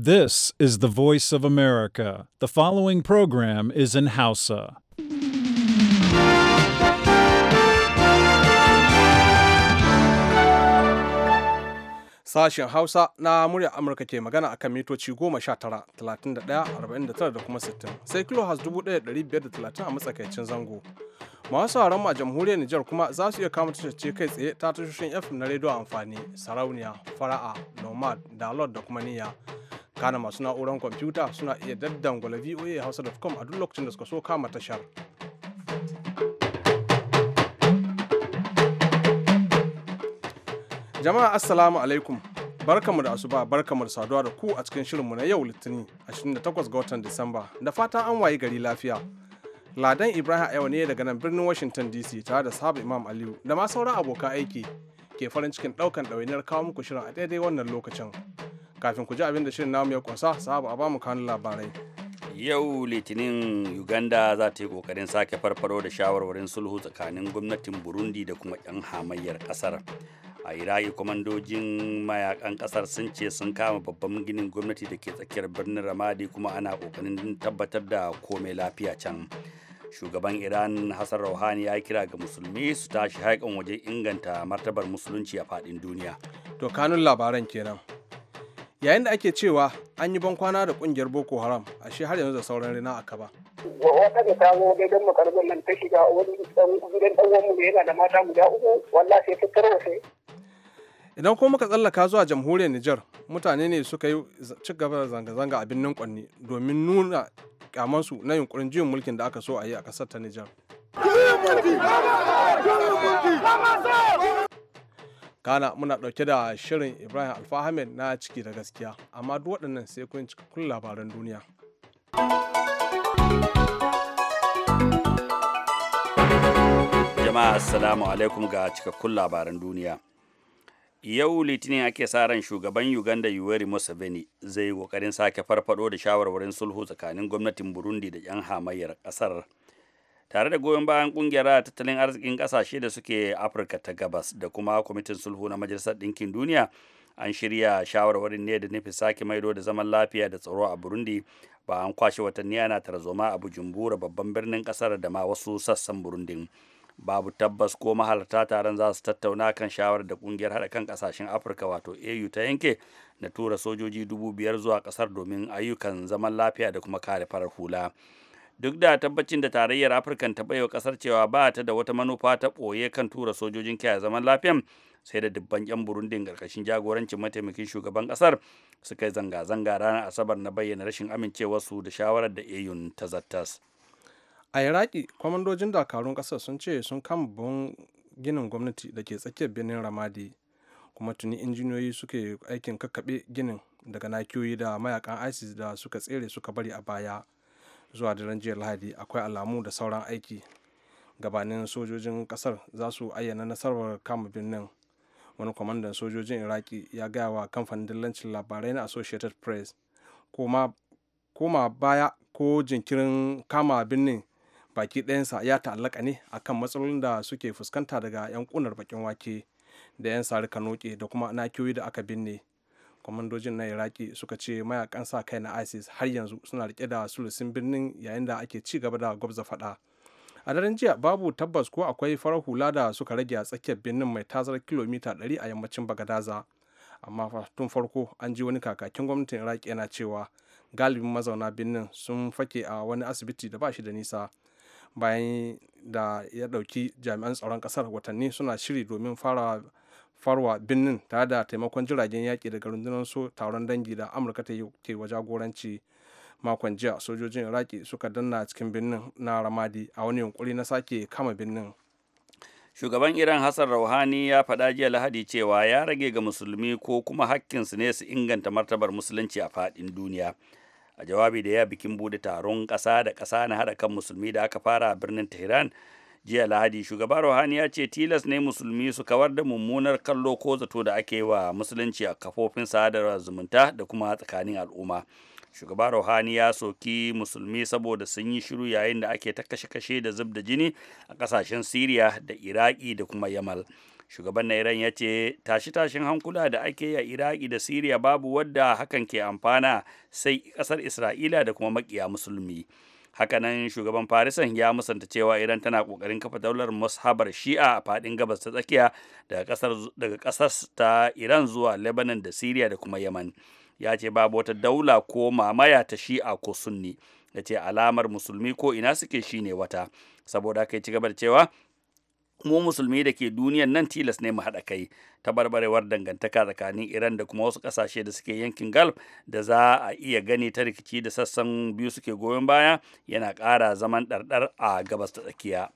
This is the voice of America. The following program is in Hausa. Sashen Hausa na murya Amurka ke magana akan mitoci 19, 31, 49 da kuma 60, sai kilohas 1530 a matsakaicin zango. Masu sauran a jamhuriyar Nijar kuma za su iya kama tashar kai tsaye ta tashoshin FM na rediyo amfani, sarauniya, fara'a, nomad, dalot da kuma niyya. kana masu na'urar kwamfuta suna iya daddangwala voa hausa.com a duk lokacin da suka so kama tashar jama'a assalamu alaikum barkamu da asuba barkamu da saduwa da ku a cikin shirinmu na yau litinin 28 ga watan disamba da fata an wayi gari lafiya ladan ibrahim yau ne daga nan birnin washington dc tare da sabu imam aliyu da ma sauran abokan aiki ke farin cikin daukan ɗawainiyar kawo muku shirin a daidai wannan lokacin kafin ku ji abin da shirin namu ya kunsa sabu a ba mu kanun labarai yau litinin uganda za ta yi kokarin sake farfaro da shawarwarin sulhu tsakanin gwamnatin burundi da kuma 'yan hamayyar kasar a iraki kwamandojin mayakan kasar sun ce sun kama babban ginin gwamnati da ke tsakiyar birnin ramadi kuma ana kokarin tabbatar da komai lafiya can shugaban iran hassan rouhani ya kira ga musulmi su tashi haikan waje inganta martabar musulunci a faɗin duniya to kanun labaran kenan yayin da ake cewa an yi bankwana da kungiyar boko haram a shi har yanzu da sauran rina a ba. wata da ta zo ta shiga wani da yana da mata guda uku sai ta idan kuma muka tsallaka zuwa jamhuriyar Nijar mutane ne suka yi ci gaba da zanga-zanga a binnin Kwanni domin nuna kyamansu na yunkurin juyin mulkin da aka so a yi a kasar ta Nijar. kana muna ɗauke da shirin ibrahim alfahamed na ciki da gaskiya amma duk waɗannan sai kun cikakkun labaran duniya jama'a assalamu alaikum ga cikakkun labaran duniya yau litinin ake sa ran shugaban uganda yoweri museveni zai yi kokarin sake farfado da shawarwarin sulhu tsakanin gwamnatin burundi da 'yan hamayyar kasar tare da goyon bayan kungiyar tattalin arzikin kasashe da suke afirka ta gabas da kuma kwamitin sulhu na majalisar ɗinkin duniya an shirya shawarwarin ne da nufin sake maido da zaman lafiya da tsaro a burundi ba an kwashe watanni ana tarzoma a bujumbura babban birnin kasar da ma wasu sassan burundin babu tabbas ko mahalarta taron za su tattauna kan shawarar da kungiyar hada kan kasashen afirka wato au ta yanke na tura sojoji dubu biyar zuwa ƙasar domin ayyukan zaman lafiya da kuma kare farar hula duk da tabbacin da tarayyar afirka ta baiwa kasar cewa ba ta da wata manufa ta ɓoye kan tura sojojin kiyaye zaman lafiya sai da dubban yan burundin karkashin jagorancin mataimakin shugaban kasar suka yi zanga-zanga ranar asabar na bayyana rashin amincewarsu da shawarar da au ta zattas a iraki kwamandojin dakarun kasar sun ce sun kama babban ginin gwamnati da ke tsakiyar birnin ramadi kuma tuni injiniyoyi suke aikin kakkaɓe ginin daga nakiyoyi da mayakan isis da suka tsere suka bari a baya zuwa daren jiya lahadi akwai alamu da sauran aiki gabanin sojojin kasar za su ayyana nasarar kama birnin wani kwamandan sojojin iraki ya gaya wa kamfanin dillancin labarai na associated press koma baya ko jinkirin kama birnin baki ɗayansa ya ta'allaka ne akan matsalolin da suke fuskanta daga 'yan kunar bakin wake da 'yan sarika noke da kuma nakiyoyi da aka binne kwamandojin na iraki suka ce mayakan sa kai na isis har yanzu suna rike da sulusin birnin yayin da ake ci gaba da gwabza faɗa a daren jiya babu tabbas ko akwai farar hula da suka rage a tsakiyar birnin mai tazarar kilomita 100 a yammacin bagadaza amma tun farko an ji wani kakakin gwamnatin iraki yana cewa galibin mazauna birnin sun fake a wani asibiti da ba shi da nisa bayan da ya ɗauki jami'an tsaron ƙasar watanni suna shiri domin fara farwa birnin tare da taimakon jiragen yaƙi daga rundunar su taron dangi da amurka ta ke wa jagoranci makon jiya sojojin iraki suka danna cikin birnin na ramadi a wani yunkuri na sake kama birnin shugaban iran hassan rauhani ya faɗa jiya lahadi cewa ya rage ga musulmi ko kuma hakkinsu ne su inganta martabar musulunci a faɗin duniya a jawabi da ya bikin bude taron ƙasa da ƙasa na haɗa kan musulmi da aka fara a birnin tehran jiya lahadi shugaba rohani ya ce tilas ne musulmi su kawar da mummunar kallo ko zato da ake wa musulunci a kafofin sadarwar zumunta da kuma tsakanin al'umma shugaba rohani ya soki musulmi saboda sun yi shiru yayin da ake ta kashe-kashe da zub da jini a kasashen siriya da iraki da kuma yamal shugaban na ya ce tashi-tashin hankula da ake yi a iraki da siriya babu wadda hakan ke amfana sai kasar isra'ila da kuma makiya musulmi hakanan shugaban farisan ya musanta cewa iran tana kokarin kafa daular mashabar shi'a a fadin gabas ta tsakiya daga kasar ta iran zuwa lebanon da syria da kuma yaman ya ce babu wata daula ko mamaya ta shi'a ko sunni ya ce alamar musulmi ko ina suke shine wata saboda haka ya ci gaba da cewa mu musulmi da ke duniyan nan tilas ne mu haɗa kai tabarbarewar dangantaka tsakanin iran da kuma wasu kasashe da suke yankin gulf da za a iya gani ta rikici da sassan biyu suke goyon baya yana ƙara zaman ɗarɗar a gabas ta tsakiya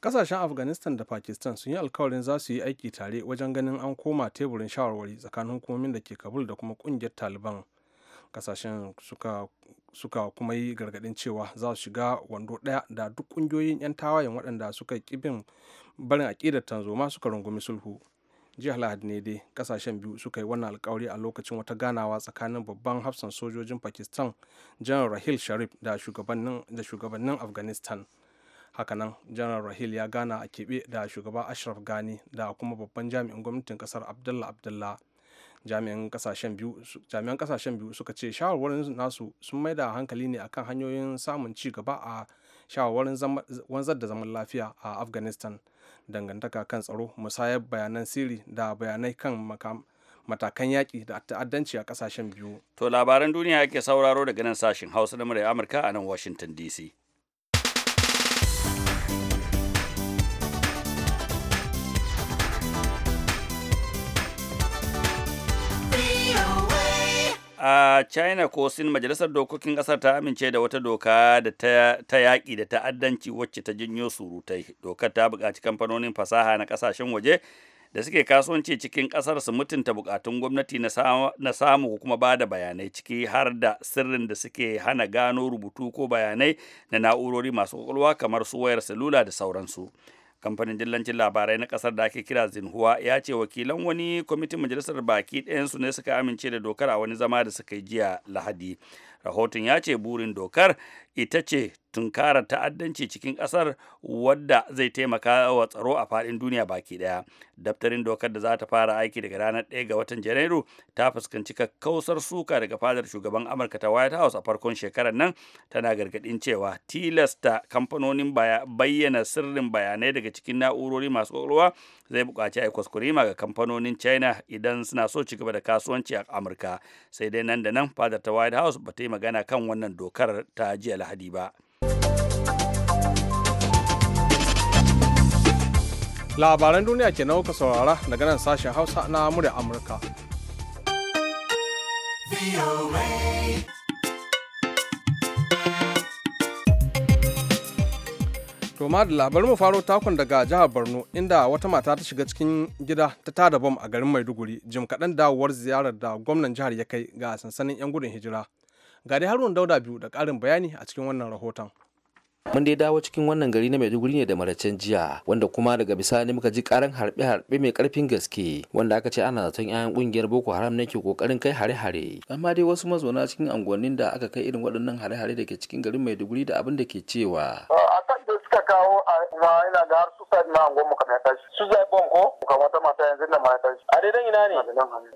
kasashen afghanistan da pakistan sun yi alkawarin za su yi aiki tare wajen ganin an koma teburin shawarwari tsakanin hukumomin da ke kabul da kuma kungiyar taliban kasashen suka, suka kuma yi gargadin cewa za su shiga wando ɗaya da duk ƙungiyoyin 'yan tawayen waɗanda suka ƙi bin barin aƙidar tanzoma suka rungumi sulhu jiya lahadi ne dai kasashen biyu suka yi wannan alkawari a lokacin wata ganawa tsakanin babban hafsan sojojin pakistan general rahil sharif da shugabannin afghanistan hakanan general rahil ya gana a kebe da shugaba ashraf gani da kuma babban jami'in gwamnatin kasar abdullah abdullah jami'an kasashen biyu suka ce shawarwarin nasu sun maida hankali ne akan hanyoyin samun ci gaba a shawarwarin wanzar da zaman lafiya a afghanistan dangantaka kan tsaro musayar bayanan sirri da bayanai kan matakan yaƙi da ta'addanci a ƙasashen biyu. To labaran duniya ake sauraro daga nan sashen Hausa na murya Amurka a nan Washington DC. a china ko sin majalisar dokokin kasar ta amince da wata doka da ta yaƙi da ta'addanci wacce ta janyo surutai dokar ta buƙaci kamfanonin fasaha na ƙasashen waje da suke kasuwanci cikin ƙasar su mutunta buƙatun gwamnati na samu kuma bada bayanai ciki har da sirrin da suke hana gano rubutu ko bayanai na na'urori masu kwakwalwa kamar su wayar salula da sauransu. kamfanin dillancin labarai na kasar da ake kira zinhua ya ce wakilan wani kwamitin majalisar baki ɗayansu ne suka amince da dokar a wani zama da suka yi jiya lahadi rahoton ya ce burin dokar ita ce tunkara ta'addanci cikin ƙasar wadda zai taimaka wa tsaro a faɗin duniya baki ɗaya daftarin dokar da za ta fara aiki daga ranar 1 ga watan janairu ta fuskanci kakkausar suka daga fadar shugaban amurka ta white house a farkon shekarar nan tana gargaɗin cewa tilasta kamfanonin bayyana sirrin bayanai daga cikin na'urori masu ƙwaƙwalwa zai buƙaci a kuskurima ga kamfanonin china idan suna so ci gaba da kasuwanci a amurka sai dai nan da nan fadar ta white house ba ta yi magana kan wannan dokar ta jiya lahadi ba labaran duniya ke nauka saurara daga nan sashen hausa na murya amurka to da labarin mu faro takon daga jihar borno inda wata mata ta shiga cikin gida ta tada bom a garin maiduguri jim kaɗan dawowar ziyarar da gwamnan jihar ya kai ga sansanin 'yan gudun hijira Ga dai Haruna Dauda biyu da karin bayani a cikin wannan rahoton. mun dai dawo cikin wannan gari na maiduguri ne da maracen jiya wanda kuma daga bisani muka ji karan harbe harbe mai karfin gaske wanda aka ce ana zaton yayan kungiyar boko haram ne ke kokarin kai hare hare amma dai wasu mazauna cikin anguwannin da aka kai irin waɗannan hare hare da ke cikin garin maiduguri da abin da ke cewa kuma ina da har suicide na angon goma kamar tashi zai bon ko kamar wata mata yanzu na mata tashi a daidan ina ne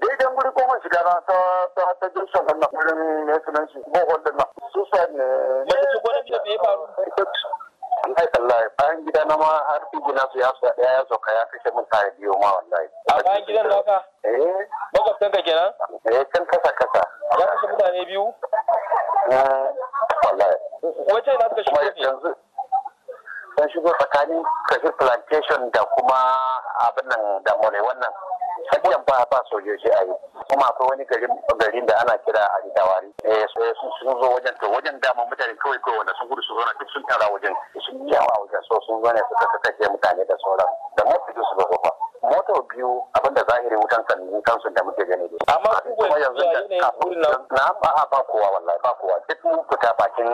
daidan guri ko mun shiga na ta ta ta jinsan wannan gurin ne sunan shi bohol din su sa ne mace ce gwada da me faru kai ya bayan gida na ma har fi na su ya su daya ya ka ya kashe mun tare biyo ma wallahi a bayan gidan naka eh makwabtan ka kenan eh kan kasa kasa ya kashe mutane biyu eh, wallahi wace na suka shigo ne sun shigo tsakanin kashin plantation da kuma abin nan da more wannan tsakiyar ba ba sojoji a yi kuma akwai wani garin da ana kira a dawari eh, sun zo wajen to wajen dama mutane kawai kawai wanda sun gudu su zo na duk sun tara wajen sun yawa wajen so sun zo ne suka ka kashe mutane da sauran da motsa su zo kofa motar biyu abinda zahiri wutan kan kansu da muke gani dai amma kuma yanzu na ba ba kowa wallahi ba kowa duk mun fita bakin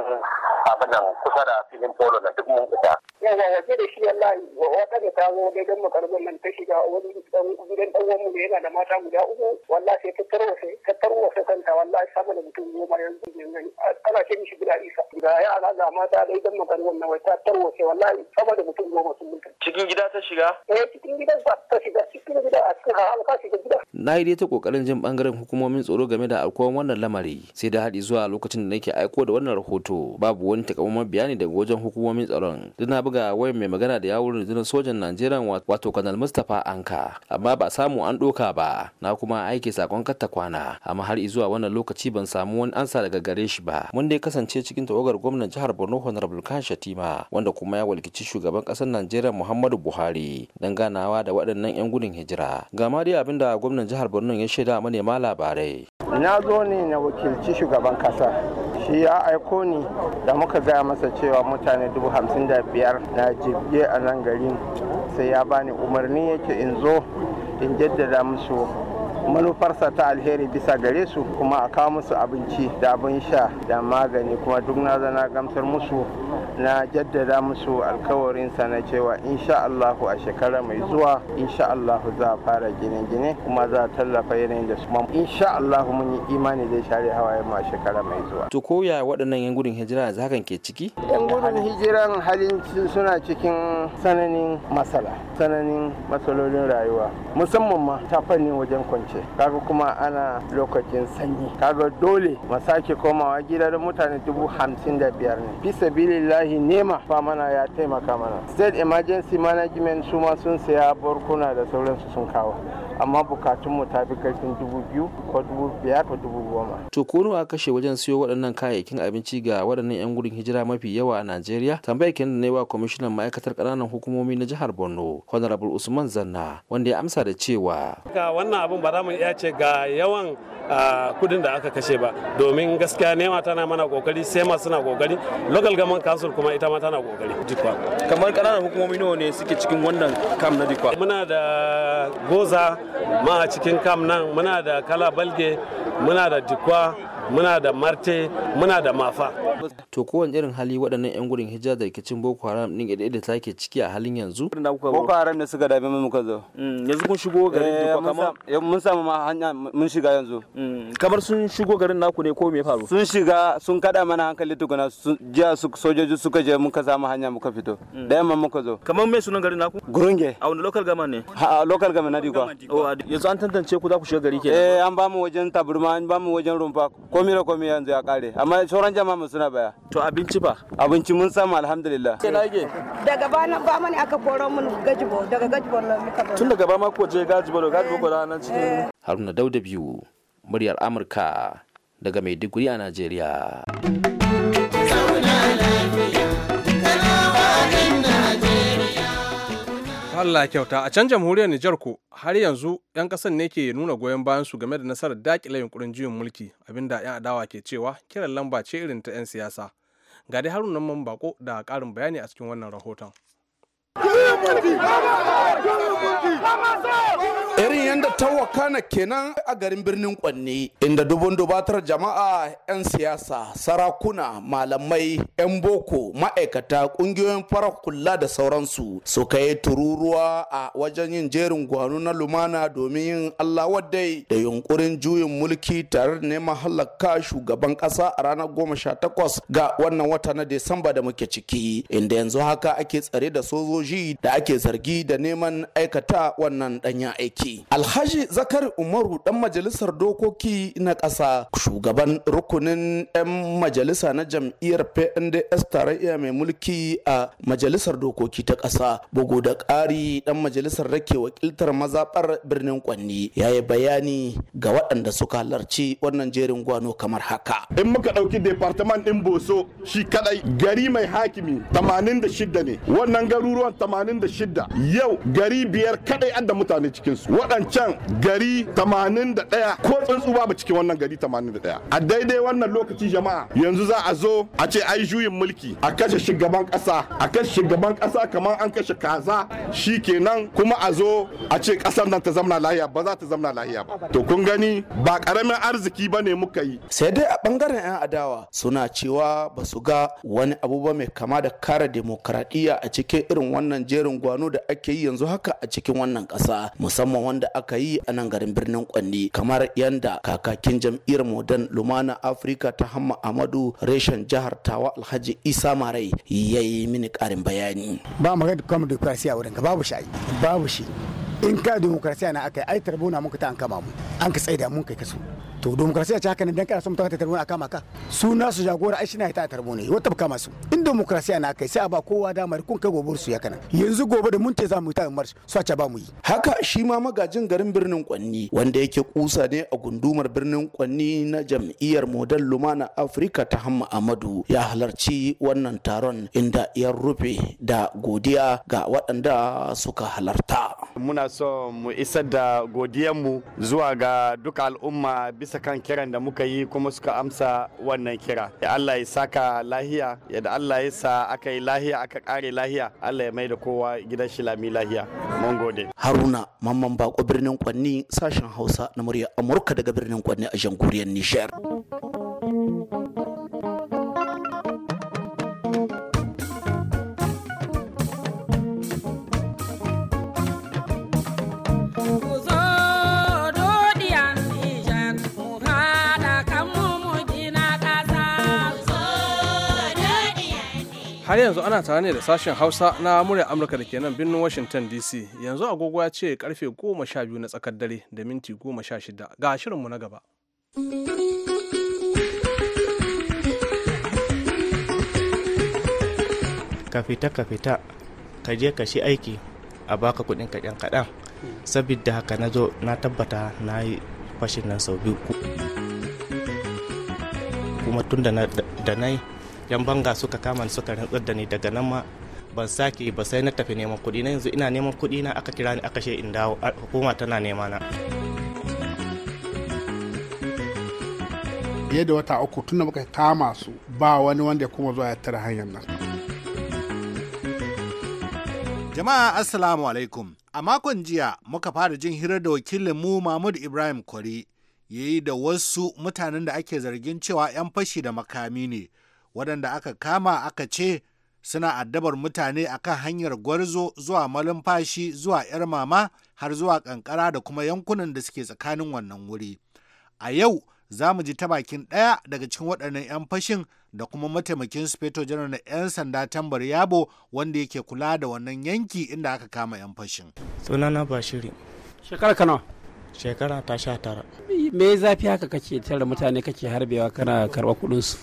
abin nan kusa da filin polo na duk mun fita yawa waje da shi wallahi wata da ta zo gidan makarbin nan ta shiga wani gidan dan uwan mu ne yana da mata guda uku wallahi sai ta tarwasa ta tarwasa kanta wallahi sama da mutum goma yanzu yanzu ana ce mishi guda isa ga ala ga mata da gidan makarbin nan wai ta tarwasa wallahi sama da mutum goma sun mutu cikin gida ta shiga eh cikin gida ba ta shiga cikin gida a cikin halka na yi ta kokarin jin bangaren hukumomin tsaro game da alkuwan wannan lamari sai da haɗi zuwa lokacin da nake aiko da wannan rahoto babu wani takamaiman bayani daga wajen hukumomin tsaron duk na buga wayan mai magana da yawon rundunar sojan najeriya wato kanal mustapha anka amma ba samu an doka ba na kuma aiki sakon katta kwana amma har zuwa wannan lokaci ban samu wani ansa daga gare shi ba mun dai kasance cikin tawagar gwamnan jihar borno honorable khan shatima wanda kuma ya walkici shugaban ƙasar najeriya muhammadu buhari don ganawa da waɗannan 'yan gudun hijira ga ma dai abinda gwamnan jihar borno ya shaida manema labarai na zo ne na wakilci shugaban kasa shi ya aiko ni da muka gaya masa cewa mutane dubu hamsin da biyar na jibge a nan garin sai ya bani umarni yake in zo in jaddada musu manufarsa ta alheri bisa gare su kuma a kawo musu abinci da abin sha da magani kuma duk na zana gamsar musu na jaddada musu alkawarinsa na cewa insha Allahu a shekara mai zuwa insha Allahu za a fara gine-gine kuma za a tallafa yanayin da su insha Allahu mun yi imani zai share hawaye mu a shekara mai zuwa. To koya waɗannan 'yan gudun hijira za kan ke ciki? 'Yan gudun hijiran halin suna cikin tsananin masala, tsananin matsalolin rayuwa musamman ma ta fanni wajen kwanci sosai kaga kuma ana lokacin sanyi kaga dole mu sake komawa gida da mutane dubu hamsin da biyar ne fi sabilillahi nema fa mana ya taimaka mana state emergency management su ma sun saya barkuna da sauransu sun kawo amma bukatunmu ta fi karfin dubu biyu ko dubu biyar ko dubu goma. to ko nawa kashe wajen siyo waɗannan kayayyakin abinci ga waɗannan 'yan gudun hijira mafi yawa a najeriya tambayar kenan ne wa kwamishinan ma'aikatar ƙananan hukumomi na jihar borno honorable usman zanna wanda ya amsa da cewa. ga wannan abin ba za mu iya ce ga yawan kudin da aka kashe ba domin gaskiya nema tana mana kokari sai ma suna kokari local government council kuma ita ma tana kokari kamar ƙananan hukumomi nawa ne suke cikin wannan kam na dikwa muna da goza ma a cikin kam nan muna da kala balge muna da dikwa muna da marte muna da mafa to kowane irin hali waɗannan 'yan gudun hijira da rikicin boko haram ɗin ɗaya da take ciki a halin yanzu boko haram ne suka dabe mu muka zo mm, yanzu kun shigo garin eh, kamar eh, mun samu ma hanya mun shiga yanzu mm, kamar sun shigo garin naku ne ko me faru sun shiga sun kada mana hankali tukuna jiya sojoji suka je muka samu hanya muka fito mm. da yamma muka zo kamar me sunan garin naku gurunge a wani local gama ne a local gama na oh, dikwa yanzu an tantance ku za ku shiga gari ke. eh an ba mu wajen taburma an ba mu wajen rumfa komi da komi yanzu ya kare amma sauran jama'a suna baya to abinci ba abinci mun samu alhamdulillah sai nage daga bana ba mani aka koro mun gajibo daga gajibo muka bar tun daga ba ma ko je gajibo da gajibo ko da nan cikin eh, eh. Haruna Dauda biyu muryar Amurka daga Maiduguri a Najeriya Allah kyauta a can jamhuriyar Nijar ko har yanzu 'yan kasan ne ke nuna goyon bayan su game da nasarar dakile yunkurin juyin mulki abinda 'yan adawa ke cewa kiran lamba ce irin ta 'yan siyasa. Ga dai harunan man bako da ƙarin bayani a cikin wannan rahoton. kana kenan a garin birnin Kwanne inda dubun dubatar jama'a 'yan siyasa, sarakuna, malamai, 'yan boko, ma'aikata, kungiyoyin fara kula da sauransu su yi tururuwa a wajen yin jerin gwanu na lumana domin yin Allah waddai da yunkurin juyin mulki tare da neman halakka shugaban kasa a ranar goma sha takwas ga wannan wata na Desamba da muke ciki inda yanzu haka ake tsare da sojoji da ake zargi da neman aikata wannan danya aiki. Alhaji zakari umaru dan majalisar dokoki na ƙasa shugaban rukunin 'yan majalisa na jam'iyyar pnds tarayya mai mulki a majalisar dokoki ta ƙasa bugu da ƙari dan majalisar da wakiltar mazaɓar birnin kwanni ya yi bayani ga waɗanda suka halarci wannan jerin gwano kamar haka in muka ɗauki departament ɗin boso shi kadai gari mai hakimi 86 ne wannan garuruwan 86 yau gari biyar kadai an da mutane cikinsu waɗancan gari 81 ko tsuntsu babu cikin wannan gari 81 a daidai wannan lokaci jama'a yanzu za a zo a ce ai juyin mulki a kashe shugaban kasa a kashe shugaban kasa kamar an kashe kaza shi kenan kuma a zo a ce kasar nan ta zamna lahiya ba za ta zamna lahiya ba to kun gani ba karamin arziki ba ne muka yi sai dai a bangaren yan adawa suna cewa ba su ga wani abu ba mai kama da kara demokradiyya a cikin irin wannan jerin gwano da ake yi yanzu haka a cikin wannan kasa musamman wanda aka yi a nan garin birnin Kwanni kamar yanda kakakin jam'iyyar Modern Lumana Afirka ta Hamma Amadu reshen jihar Tawa Alhaji Isa Marai yi mini karin bayani. Ba gani kuma demokrasiya wurin ka babu shi babu shi in ka demokrasiya na aka yi ai tarbuna muka ta an kama mu an ka tsaida mun kai kaso to demokrasiya a haka ne dan kana son mutaka ta tarbo a kama ka su na su jagora ai shine ta tarbo ne wata kama su in demokrasiya na kai sai a ba kowa damar kun kai gobar su ya kana yanzu gobe da mun ce za mu yi ta march su a ba mu yi haka shi ma magajin garin birnin Kwanni wanda yake kusa ne a gundumar birnin Kwanni na jam'iyyar Model Lumana Africa ta Hamma Amadu ya halarci wannan taron inda ya rufe da godiya ga waɗanda suka halarta muna so mu isar da godiyarmu zuwa ga duka al'umma bisa bisa kan kiran da muka yi kuma suka amsa wannan kira ya Allah ya saka lahiya ya da Allah ya sa aka yi lahiya aka kare lahiya Allah ya mai da kowa gidan shi lami lahiya mun gode Haruna Mamman Bako birnin Kwanni sashen Hausa na murya Amurka daga birnin Kwanni a jamhuriyar Nijar har yanzu ana tare ne da sashen hausa na murya amurka da ke nan birnin washington dc yanzu agogo ya ce karfe goma sha biyu na tsakar dare da minti goma sha shida ga shirinmu na gaba ka fita ka fita ka je ka shi aiki a baka kudin kaɗan kaɗan saboda haka na zo na tabbata na yi fashin nan sau biyu kuma tun da na yi yan banga suka kama ni suka rantsar da ni daga nan ma ban sake ba sai na tafi neman kuɗi na yanzu ina neman kuɗi na aka kira ni aka ce in dawo hukuma tana nema na fiye da wata uku tunda muka kama su ba wani wanda ya kuma zuwa ya tara hanyar nan jama'a assalamu alaikum a makon jiya muka fara jin hirar da wakilinmu mahmud ibrahim kwari ya yi da wasu mutanen da ake zargin cewa 'yan fashi da makami ne waɗanda aka kama aka ce suna addabar mutane akan hanyar gwarzo zuwa malumfashi zuwa 'yar mama har zuwa kankara da kuma yankunan da suke tsakanin wannan wuri a yau za mu ji ta bakin ɗaya daga cikin waɗannan 'yan fashin da kuma mataimakin speto janar na 'yan sanda tambar yabo wanda yake kula da wannan yanki inda aka kama 'yan fashin sunana bashiri shekara kano. shekara ta sha tara me zafi haka kake tare mutane kake harbewa kana karɓa kuɗinsu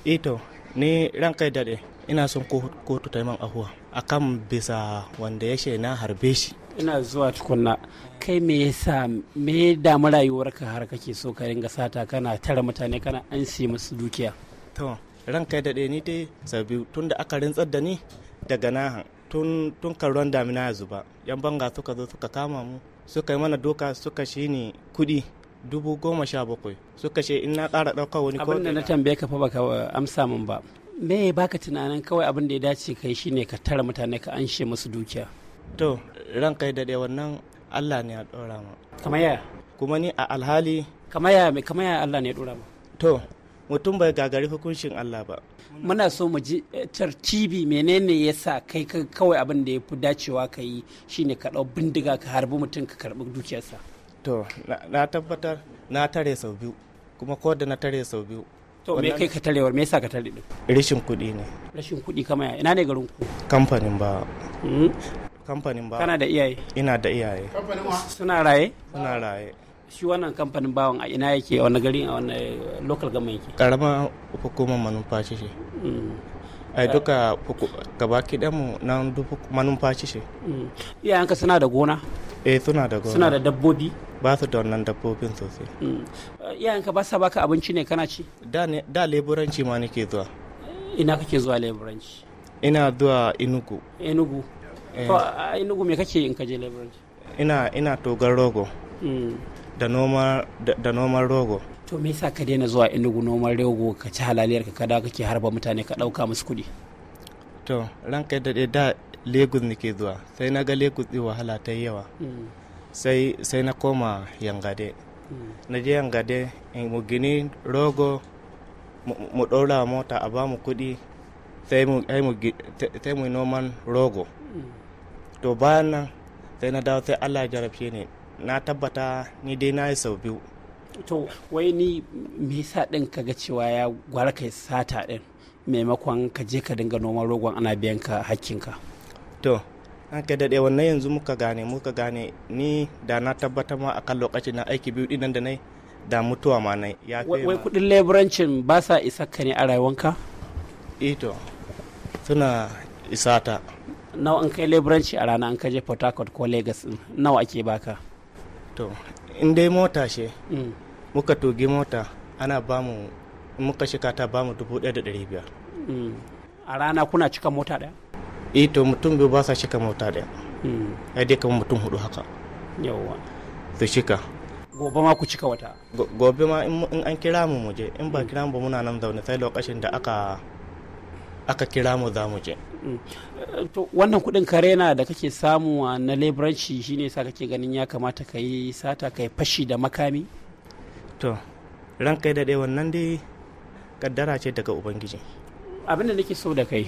ito eh ni ran kai daɗe ina son kotu ta man ahuwa akan bisa wanda ya na harbe shi ina zuwa tukunna kai me yasa me damu rayuwarka har kake so ka ringa sata kana tara mutane kana an si musu dukiya to ran kai daɗe ni dai sabi tunda aka rintsar da ni daga na tun tun karuwan damina ya zuba yan banga suka zo suka kama mu suka yi mana doka suka shi ni kuɗi dubu goma sha bakwai suka ce in na ƙara ɗauka wani abin da na tambaye ka fa baka uh, amsa min ba me ya baka tunanin kawai abin da ya dace kai shine ka tara mutane ka anshe musu dukiya to ran kai da wannan Allah ne ya ɗora ma kamar ya kuma ni a alhali kamar ya kamar ya Allah ne ya ɗora ma to mutum bai gagari hukuncin Allah ba muna so mu ji eh, tartibi menene yasa kai kawai abin da ya fi dacewa ka yi shine ka ɗau bindiga ka harbi mutum ka karɓi dukiyarsa to na tabbatar na tare sau biyu kuma ko da na tare sau biyu to me kai ka tarewar me yasa ka tare din rashin kuɗi ne rashin kuɗi kama ya ina ne garin ku kamfanin ba hmm? kamfanin ba kana da iyaye ina da iyaye kamfanin wa suna raye suna raye shi wannan kamfanin bawon a ina yake a wannan gari a wannan eh, local government yake karama hukumar manumfashi shi hmm. ai duka gabaki ɗan mu nan manumfashi shi hmm. iyayenka suna da gona eh suna da gona suna da dabbobi ba su da wannan dabbobin sosai mm. eh, iyayenka ba sa baka abinci ne kana ci da leburanci ma nake zuwa eh, ina kake zuwa leburanci ina zuwa inugu inugu eh. to a inugu me kake in ka je leburanci ina ina togar rogo mm. da noman da rogo to me yasa ka daina zuwa inugu noman rogo ka ci halaliyar ka kada kake harba mutane ka dauka musu kudi to ranka da da Lagos nake zuwa sai na ga Lagos wahala ta yawa mm. sai sai na koma yangade na je yangade mu gini rogo mu ɗora mota a ba mu kuɗi sai mu noman rogo to bayan nan sai na dawo sai allah jarabce ne na tabbata ni dai na yi sau biyu to wai ni me yasa din ka ga cewa ya gwara kai sata din maimakon ka je ka dinga noman rogon ana biyan ka hakkinka to ka daɗe wannan yanzu muka gane muka gane ni da na tabbatar ma akan lokacin na aiki biyu dinan da na da mutuwa ma nai ya wai kudin leburancin ba sa isa ka ne a rayuwanka ito eh suna isa ta nawa an kai leburanci a rana an kaje port harcourt ko lagos nawa ake baka to in dai mota ce mm. muka tugi mota ana ba mu muka shika ta ba mu dubu ɗaya da ɗari biyar mm. a rana kuna cika mota ɗaya eh to mutum biyu ba sa shika mota daya hmm. ai dai kamar mutum hudu haka yawa su shika gobe ma ku cika wata gobe ma in an kira mu muje in ba kira mu ba muna nan zaune sai lokacin da aka aka kira mu za mu je hmm. eh, to wannan kudin karena da kake samu na leburanci shine sa kake ganin ya kamata ka yi sata ka yi fashi da makami to ranka da dai wannan dai kaddara ce daga ubangiji abin da nake so da kai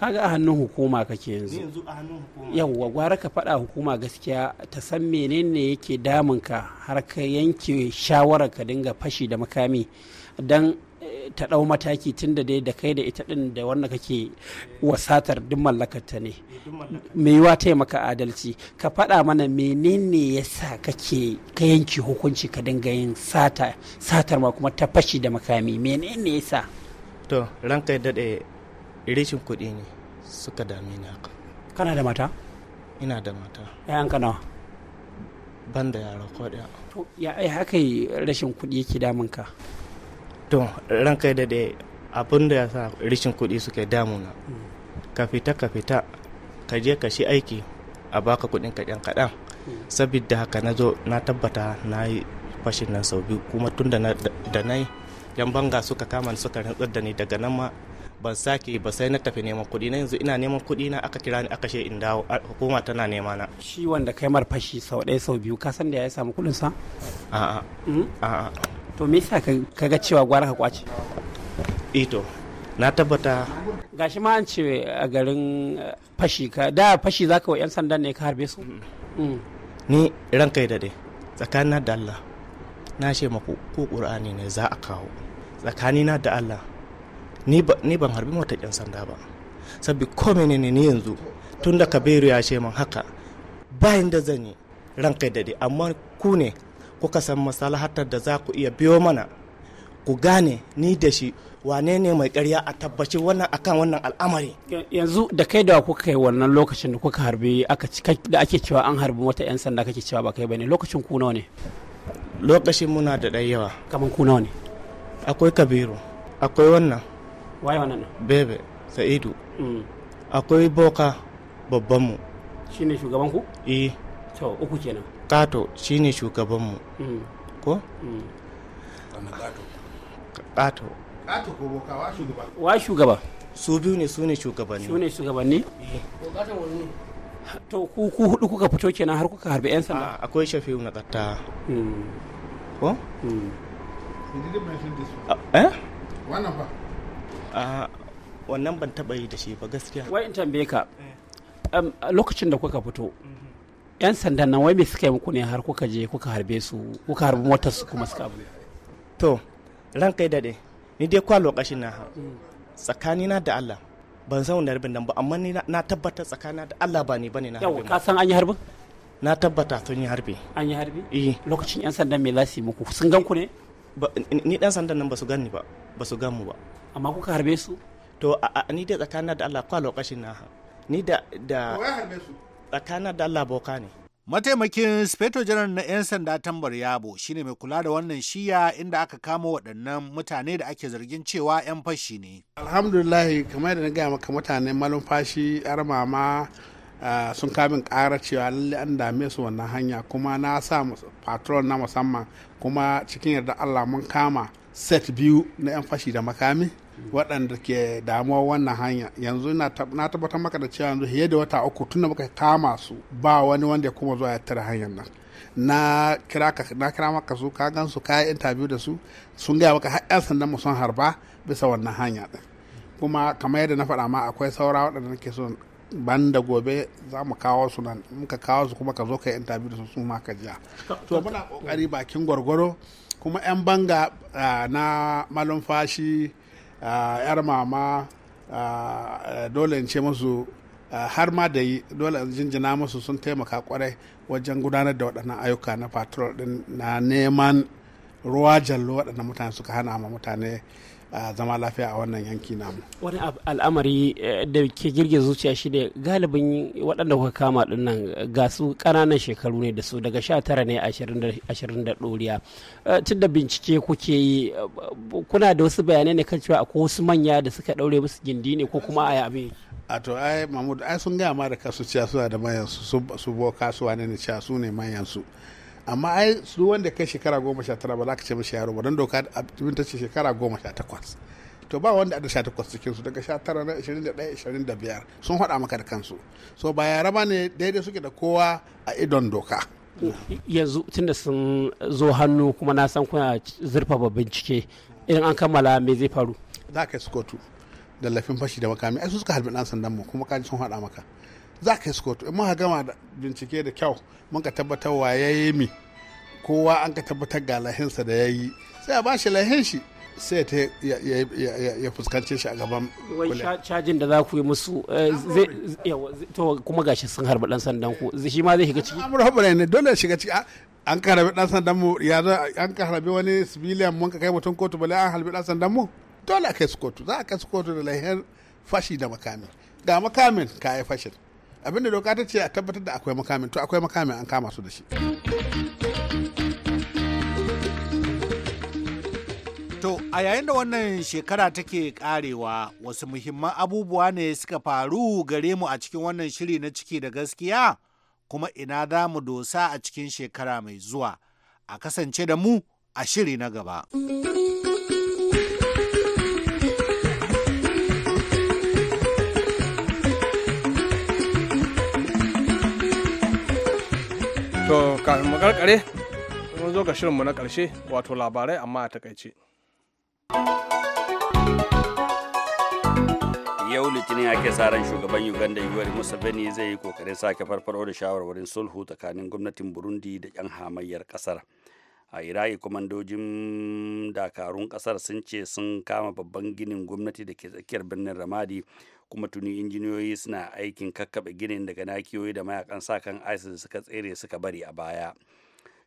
kaga a hannun hukuma kake yanzu yawwa gwara ka faɗa hukuma gaskiya ta san menene yake damun ka har ka yanke shawarar ka dinga fashi da makami don eh, ta ɗau mataki tun da dai da kai da ita ɗin da wannan kake wasatar duk mallakarta ne eh, mai yiwa taimaka adalci ka faɗa mana menene ya sa kake ka yanke hukunci ka dinga yin sata satar ma kuma ta fashi da makami menene ya sa to ranka yadda da rashin kuɗi ne suka dami ni haka kana da mata ina da mata yayan ka nawa ban da yara ko ɗaya to ya ai haka rashin kuɗi yake damun ka to ranka yadda da abin da ya sa rishin kuɗi suke damuna mm. ka fita ka fita ka je ka shi aiki a baka kuɗin kaɗan kaɗan mm. saboda haka na zo na tabbata na yi fashin nan sau biyu kuma tun da na yi yan banga suka kama ni suka rantsar da ni daga nan ma ban sake ba sai na tafi neman kuɗi na yanzu ina neman kuɗi na aka kira ni aka ce in dawo hukuma tana nema na shi wanda kai mar fashi sau ɗaya sau biyu ka san da ya samu kuɗin sa a'a hmm? a'a to me yasa ka ga cewa gwara ka kwace ito na tabbata gashi ma an ce a garin eh, fashi ka da fashi zaka wa yan sandan ne ka harbe su mm-hmm. hmm. ni ran kai da dai tsakanin da Allah na ce maku ko ƙur'ani ne za a kawo tsakanina da allah ni ban harbi mota ƙin sanda ba sabbi kome ne ni yanzu tun da kabiru ya ce man haka bayan da zan yi ran kai dade amma ku ne kuka san masalahatar da za ku iya biyo mana ku gane ni da shi wane ne mai karya a tabbaci wannan akan wannan al'amari yanzu da kai da kuka kai wannan lokacin da kuka harbi da ake cewa an harbi wata 'yan sanda kake cewa ba kai bane lokacin ku nawa ne lokacin muna da ɗan yawa kamar kuna nawa ne akwai kabiru akwai wannan waye wannan bebe sa'idu mm. akwai boka babbanmu shine shugaban ku eh to uku kenan kato ne shugabanmu mm. ko mm. kato kato ko boka wa shugaba wa shugaba su biyu ne su ne shugabanni su ne shugabanni ko eh. kato wani ne to ku ku hudu kuka fito kenan har kuka harbi yan sanda ah, akwai shafi'u na tsatta hmm. ko hmm. Ah, eh wannan ba ah, wannan ban taba yi da shi ba gaskiya wai in tambaye ka eh. um, lokacin da kuka fito yan mhm. sandan nan wai me suka yi muku ne har kuka je kuka harbe su kuka harbi motar su kuma suka abu to ran kai dade ni dai kwa lokacin na hmm. tsakanina da Allah ban san wanda harbin nan ba amma ni na tabbata tsakanin da Allah ba ne bane na harbin ka san an yi harbin na tabbata sun yi harbi an yi harbi eh lokacin yan sandan me lasi muku sun gan ku ne ni dan sandan nan ba su gani ba ba su gan mu ba amma kuka harbe su to ni da tsakanin da Allah kwa lokacin na ni da da tsakanin da Allah boka ne Mataimakin Speto Janar na 'yan sanda tambar yabo shine mai kula da wannan shiya inda aka kama waɗannan mutane da ake zargin cewa 'yan fashi ne. Alhamdulillah kamar da na gaya maka mutane malin fashi armama ah, sun kamin ƙara cewa lalle an dame su wannan hanya kuma na sa patron na musamman kuma cikin yarda Allah mun kama set biyu na 'yan fashi da makami waɗanda ke damuwa wannan hanya yanzu na tabbatar maka da cewa yanzu fiye da wata uku tunda muka kama su ba wani wanda ya kuma zuwa ya tare hanyar nan na kira ka na kira maka su ka gan su ka interview da su sun gaya maka har yan sandan mu harba bisa wannan hanya din kuma kamar yadda na faɗa ma akwai saura waɗanda nake so ban da gobe za mu kawo su nan muka kawo su kuma ka zo ka yi interview da su su ma ka jiya to muna kokari bakin gwargwaro kuma yan banga ah, na malumfashi Ah, yar mama ah, dole in ce masu ah, har ma da yi dole jinjina masu sun taimaka kwarai wajen gudanar da waɗannan ayyuka na patrol din na neman ruwa jallo waɗannan mutane suka hana ma mutane zama lafiya a wannan yanki namu wani al'amari eh, da ke girge zuciya shi ne galibin waɗanda kuka kama ɗin nan ga su ƙananan shekaru ne da su daga sha tara ne ashirin da ɗoriya eh, tun da bincike kuke yi eh, kuna da wasu bayanai ne kan cewa akwai wasu manya da suka ɗaure musu gindi ne ko kuma a yabe a to ai mahmud ai sun gaya ma da kasu suna da manyan su su bo kasuwa ne cewa su ne manyan su amma ai su wanda kai shekara goma sha tara ba za ka ce mishi yaro ba don doka abin ta ce shekara goma sha takwas to ba wanda da sha takwas cikin su daga sha tara na ishirin da ɗaya ishirin da biyar sun haɗa maka da kansu so ba yara ba ne daidai suke da kowa a idon doka yanzu tunda sun zo hannu kuma na san kuna zurfafa bincike idan an kammala me zai faru za ka yi su kotu da lafin fashi da makami ai su suka harbi ɗan sandan mu kuma kaji sun haɗa maka za ka isko in muka gama da bincike da kyau mun ka tabbatar wa ya yi mi kowa an ka tabbatar ga lahinsa da ya yi sai a ba shi lahin shi sai ta ya fuskance shi a gaban wai cajin da za ku yi musu eh, to kuma gashi sun harba dan sandan ku shi ma zai shiga ciki amur hobare ne dole shiga ciki an ka harbi dan sandan mu ya zo an ka harbi wani civilian mun ka kai mutum kotu bale an harbi dan sandan mu dole a kai su kotu za a kai su kotu da lahin fashi da makami ga makamin ka yi fashin abinda doka ta ce a tabbatar da akwai makamin to akwai makamin an kama su da shi To a yayin da wannan shekara take karewa wasu muhimman abubuwa ne suka faru gare mu a cikin wannan shiri na ciki da gaskiya kuma ina za mu dosa a cikin shekara mai zuwa a kasance da mu a shiri na gaba. to kafin mu mun zo ga shirinmu na karshe wato labarai amma a takaice yau litinin ake sa ran shugaban uganda yuwar museveni zai yi kokarin sake farfaro da shawarwarin sulhu tsakanin gwamnatin burundi da yan hamayyar kasar a iraki kwamandojin dakarun kasar sun ce sun kama babban ginin gwamnati da ke tsakiyar birnin ramadi kuma tuni injiniyoyi suna aikin kakkaɓe ginin daga nakiyoyi da mayakan sa kan isis suka tsere suka bari a baya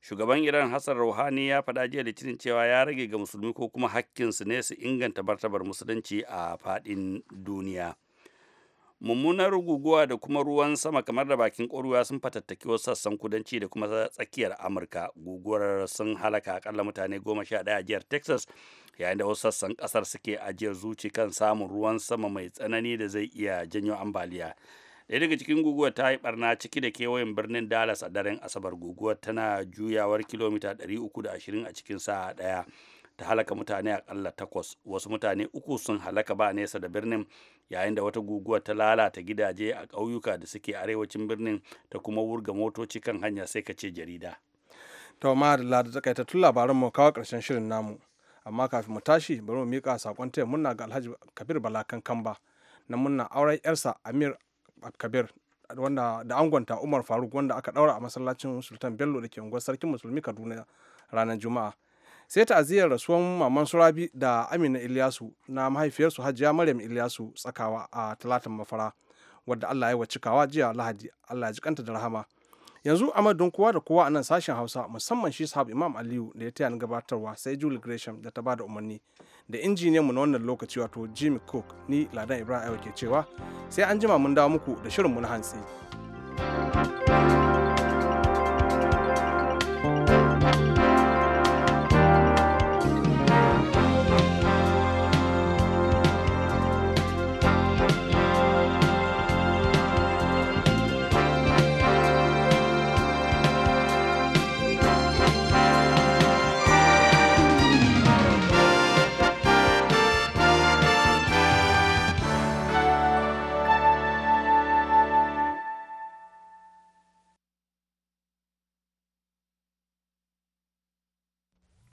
shugaban iran hassan rouhani ya faɗa jiya litinin cewa ya rage ga musulmi ko kuma hakkinsu ne su inganta martabar musulunci a faɗin duniya mummunar guguwa da kuma ruwan sama kamar da bakin ƙoruwa sun fatattaki wasu sassan kudanci da kuma tsakiyar amurka guguwar sun halaka akalla mutane goma sha ɗaya a jihar texas yayin da wasu sassan ƙasar suke ajiyar zuci kan samun ruwan sama mai tsanani da zai iya janyo ambaliya ɗaya daga cikin guguwar ta yi barna ciki da kewayen birnin dallas a daren asabar guguwar tana juyawar kilomita 320 a cikin sa'a ɗaya ta halaka mutane akalla takwas wasu mutane uku sun halaka ba nesa da birnin yayin da wata guguwa ta lalata gidaje a ƙauyuka da suke arewacin birnin ta kuma wurga motoci kan hanya sai ka ce jarida to ma da kaita tun labaran mu kawo ƙarshen shirin namu amma kafin mu tashi bari mu mika saƙon taya murna ga Alhaji Kabir Balakan Kamba na murna auren yarsa Amir Kabir wanda da angonta Umar Faruk wanda aka ɗaura a masallacin Sultan Bello da ke unguwar Sarkin Musulmi Kaduna ranar Juma'a sai ta ta'aziyyar rasuwan maman surabi da amina ilyasu na mahaifiyarsu hajiya maryam ilyasu tsakawa a talatin mafara wadda allah ya cikawa jiya lahadi allah ya ji kanta da rahama yanzu amadun kowa da kowa a nan sashen hausa musamman shi sahab imam aliyu da ya taya ni gabatarwa sai julie gresham da ta bada umarni da injiniyanmu na wannan lokaci wato jimmy cook ni ladan ibrahim ke cewa sai an jima mun dawo muku da shirinmu na hantsi.